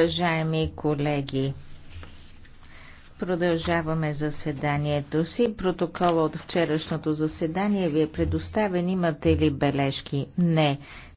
Уважаеми колеги, продължаваме заседанието си. Протокола от вчерашното заседание ви е предоставен. Имате ли бележки? Не.